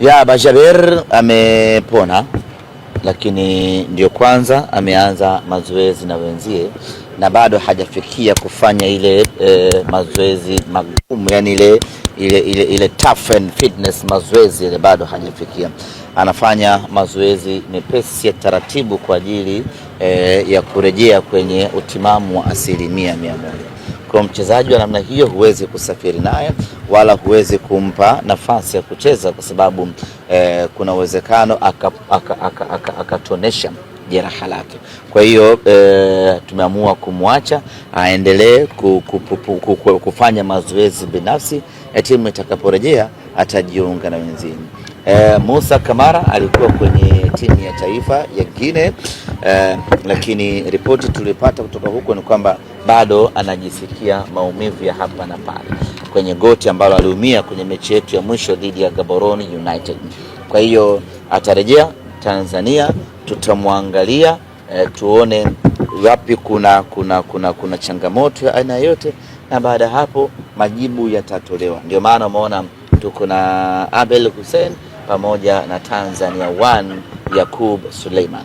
Ya Bajaber amepona, lakini ndio kwanza ameanza mazoezi na wenzie na bado hajafikia kufanya ile e, mazoezi magumu, yani ile ile ile, ile tough and fitness mazoezi ile bado hajafikia. Anafanya mazoezi mepesi ya taratibu kwa ajili e, ya kurejea kwenye utimamu wa asilimia mia moja. Kwa mchezaji wa namna hiyo huwezi kusafiri naye wala huwezi kumpa nafasi ya kucheza kwa sababu eh, kuna uwezekano akatonesha aka, aka, aka, aka jeraha lake. Kwa hiyo eh, tumeamua kumwacha aendelee kufanya mazoezi binafsi, timu itakaporejea atajiunga na wenzini. Eh, Musa Kamara alikuwa kwenye timu ya taifa ya Guinea eh, lakini ripoti tulipata kutoka huko ni kwamba bado anajisikia maumivu ya hapa na pale kwenye goti ambalo aliumia kwenye mechi yetu ya mwisho dhidi ya Gaborone United. Kwa hiyo atarejea Tanzania, tutamwangalia e, tuone wapi kuna, kuna, kuna, kuna changamoto ya aina yote, na baada ya hapo majibu yatatolewa. Ndio maana umeona tuko na Abel Hussein pamoja na Tanzania One Yakub Suleiman.